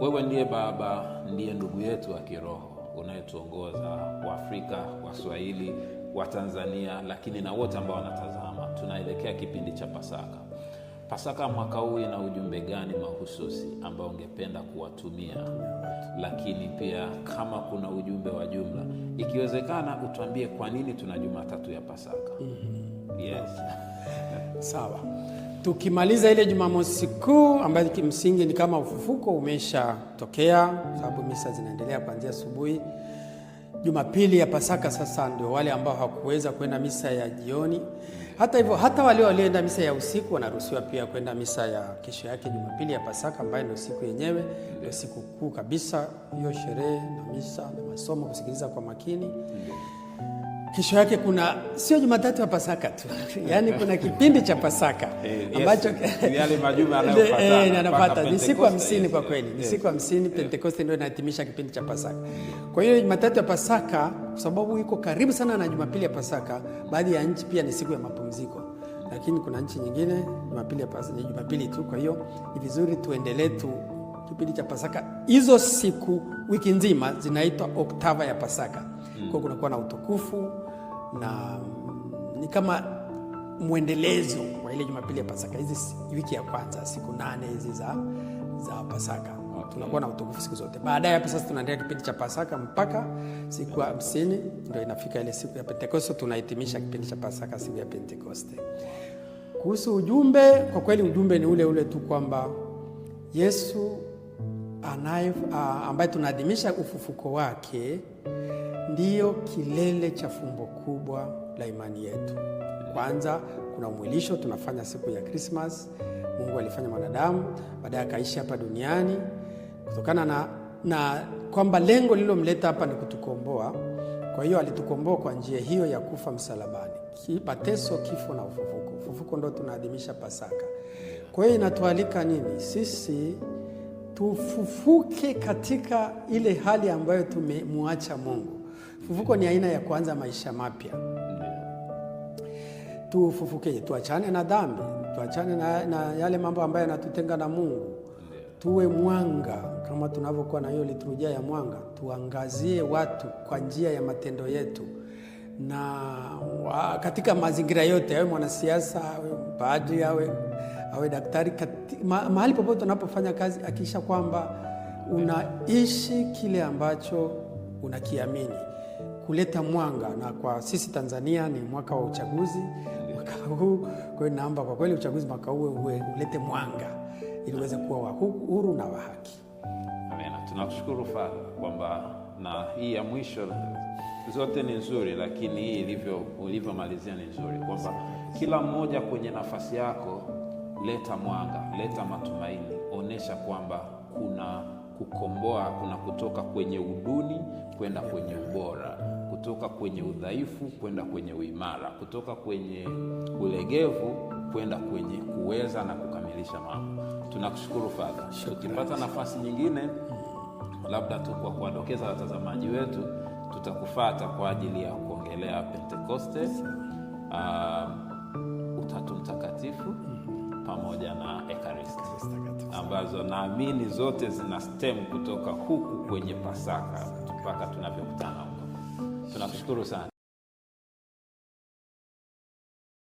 wewe ndiye baba ndiye ndugu yetu wa kiroho unayetuongoza waafrika waswahili wa tanzania lakini na wote ambao wanatazama tunaelekea kipindi cha pasaka pasaka mwaka huu ina ujumbe gani mahususi ambao ungependa kuwatumia lakini pia kama kuna ujumbe wa jumla ikiwezekana utuambie kwa nini tuna jumatatu ya pasaka mm-hmm. yes. sawa Tukimaliza ile Jumamosi Kuu ambayo kimsingi ni kama ufufuko umeshatokea, kwa sababu misa zinaendelea kuanzia asubuhi. Jumapili ya Pasaka sasa ndio wale ambao hawakuweza kwenda misa ya jioni. Hata hivyo, hata wale walioenda misa ya usiku wanaruhusiwa pia kwenda misa ya kesho yake, Jumapili ya Pasaka ambayo ndio siku yenyewe, ndio siku kuu kabisa, hiyo sherehe na misa na masomo, kusikiliza kwa makini mm -hmm kesho yake kuna sio Jumatatu ya Pasaka tu yani kuna kipindi cha Pasaka eh, ambacho eh, anapata ni siku hamsini kwa kweli ni siku hamsini Pentekoste ndio inahitimisha kipindi cha Pasaka. Mm. Kwa hiyo Jumatatu ya Pasaka kwa sababu iko karibu sana na Jumapili ya Pasaka, baadhi ya nchi pia ni siku ya mapumziko, lakini kuna nchi nyingine Jumapili ya Pasaka ni Jumapili tu. Kwa hiyo ni vizuri tuendelee tu kipindi cha Pasaka. Hizo siku wiki nzima zinaitwa oktava ya Pasaka. Mm. Kwa kunakuwa na utukufu na mm, ni kama mwendelezo wa ile Jumapili ya Pasaka, hizi wiki ya kwanza, siku nane hizi za, za Pasaka. Okay. Tunakuwa na utukufu siku zote. Baadaye hapo sasa tunaendelea kipindi cha Pasaka mpaka siku ya hamsini ndio inafika ile siku ya Pentekoste, tunahitimisha kipindi cha Pasaka siku ya Pentekoste. Kuhusu ujumbe, kwa kweli ujumbe ni ule ule tu kwamba Yesu anaye ah, ambaye tunaadhimisha ufufuko wake ndiyo kilele cha fumbo kubwa la imani yetu. Kwanza kuna umwilisho tunafanya siku ya Krismas. Mungu alifanya mwanadamu, baadaye akaishi hapa duniani kutokana na, na kwamba lengo lililomleta hapa ni kutukomboa. Kwa hiyo alitukomboa kwa njia hiyo ya kufa msalabani, mateso, kifo na ufufuko. Ufufuko ndo tunaadhimisha Pasaka. Kwa hiyo inatualika nini sisi tufufuke katika ile hali ambayo tumemwacha Mungu. Fufuko ni aina ya kuanza maisha mapya. Tufufuke, tuachane na dhambi, tuachane na, na yale mambo ambayo yanatutenga na Mungu, tuwe mwanga kama tunavyokuwa na hiyo liturujia ya mwanga, tuangazie watu kwa njia ya matendo yetu na wa, katika mazingira yote, awe mwanasiasa awe padri awe awe daktari kati, ma, mahali popote unapofanya kazi, akisha kwamba unaishi kile ambacho unakiamini kuleta mwanga. Na kwa sisi Tanzania ni mwaka wa uchaguzi mwaka huu, kwa hiyo naomba kwa kweli uchaguzi mwaka huu uwe ulete mwanga ili uweze kuwa wa huru na wa haki. Amina, tunakushukuru Padre kwamba na hii ya mwisho zote ni nzuri, lakini hii ilivyomalizia ni nzuri kwamba kila mmoja kwenye nafasi yako leta mwanga, leta matumaini, onyesha kwamba kuna kukomboa, kuna kutoka kwenye uduni kwenda kwenye ubora, kutoka kwenye udhaifu kwenda kwenye uimara, kutoka kwenye ulegevu kwenda kwenye kuweza na kukamilisha mambo. Tunakushukuru Fadha. Tukipata nafasi nyingine, labda tu kwa kuwadokeza watazamaji wetu, tutakufata kwa ajili ya kuongelea Pentekoste, uh, ah, Utatu Mtakatifu pamoja na Ekaristi ambazo naamini zote zina stem kutoka huku kwenye Pasaka mpaka tunavyokutana huko. Tunakushukuru sana.